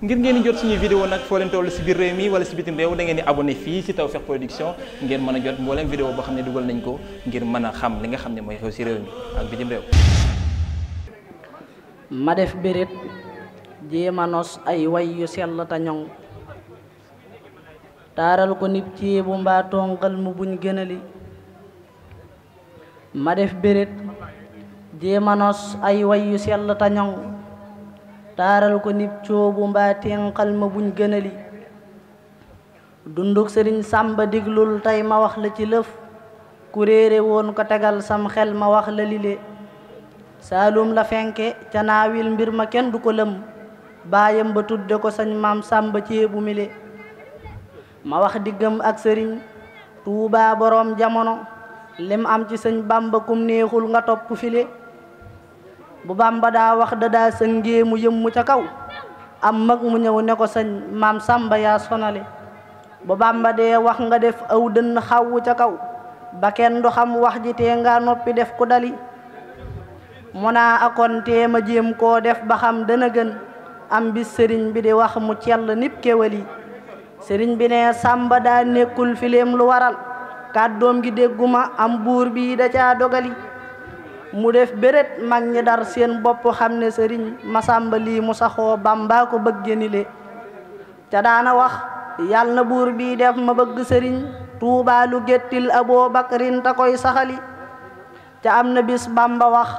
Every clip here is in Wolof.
ngir ngeen jot suñu vidéo nag foo leen toll si biir réew mi wala si bitim réew da ngeen di abonné fii si Tawfekh Production ngeen mën a jot mbooleem vidéo boo xam ne dugal nañ ko ngir mën a xam li nga xam ne mooy xew si réew mi ak bitim réew ma def béréb jéema nos ay way yu sell ta ñoŋ taaral ko nit ceebu mbaa tongal mu buñ gënali ma def béréb jéema nos ay way yu sell ta taaral ko nib coobu mbaa tenqal ma buñ gënali dunduk sëriñ sàmba diglul tey ma wax la ci lëf ku réere woon ko tegal sam xel ma wax la lile saalum la fenke ca naawil mbir ma kenn du ko lëm baayam ba tudde ko sañ maam sàmba ceebu mile ma wax diggam ak sëriñ tuubaa boroom jamono lim am ci sëñ bàmba kum neexul nga topp file bu bamba daa wax da daa sëngee mu yëm ca kaw am mag mu ñëw ne ko sa maam sàmba yaa sonale bu bamba dee wax nga def aw dënn xawwu ca kaw ba kenn du xam wax ji tee nga noppi def ku dali mu naa akoon tee ma jéem koo def ba xam dana gën am bis sëriñ bi di wax mu cell nip kéwali sëriñ bi ne sàmba daa nekkul fileem lu waral kàddoom gi dégguma am buur bii da caa dogali mu def béret mag ñi dar seen bopp xam ne sëriñ masamba lii mu saxoo bàmbaa ko bëgge ni le ca daana wax yàlla na buur bii def ma bëgg sëriñ tuubaalu lu géttil aboo bakrin ta koy saxali ca am na bis bamba wax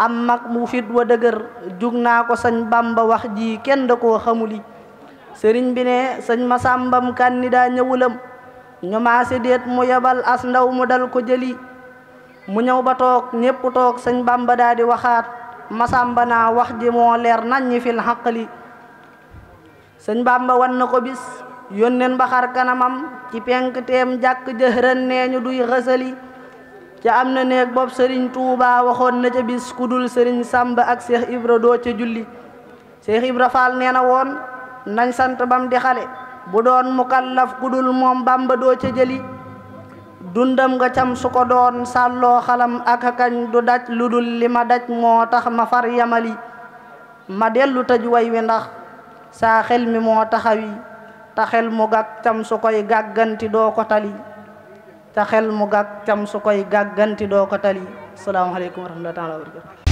am mag mu fit wa dëgër jug naa ko sëñ bamba wax ji kenn da koo xamuli sëriñ bi ne sañ masambam kan ni daa ñëwulam ñu maase déet mu yebal as ndaw mu dal ko jëli mu ñëw ba toog ñépp toog sëñ bàmba daa di waxaat masamba naa wax ji moo leer nañ ñi fil xaqali sëñ bàmba wan na ko bis yónneen ba xar kanamam ci penk teem jàkk jëhërën nee ñu duy xësali ca am na néeg bopp sëriñ Touba waxoon na ca bis ku dul sëriñ sàmba ak Cheikh Ibra doo ca julli Cheikh Ibra Fall nee na woon nañ sant bam di xale bu doon mukallaf ku dul moom Bamba doo ca jëli dundam nga cam su ko doon sàlloo xalam ak kañ du daj lu dul li ma daj moo tax ma far yamali ma dellu tëj way wi ndax saa xel mi moo taxawi ta xel mu gàk cam su koy gàgganti doo ko tali ta xel mu gàk cam su koy gàgganti doo ko tali salaamaaleykum wa rahmatullaahi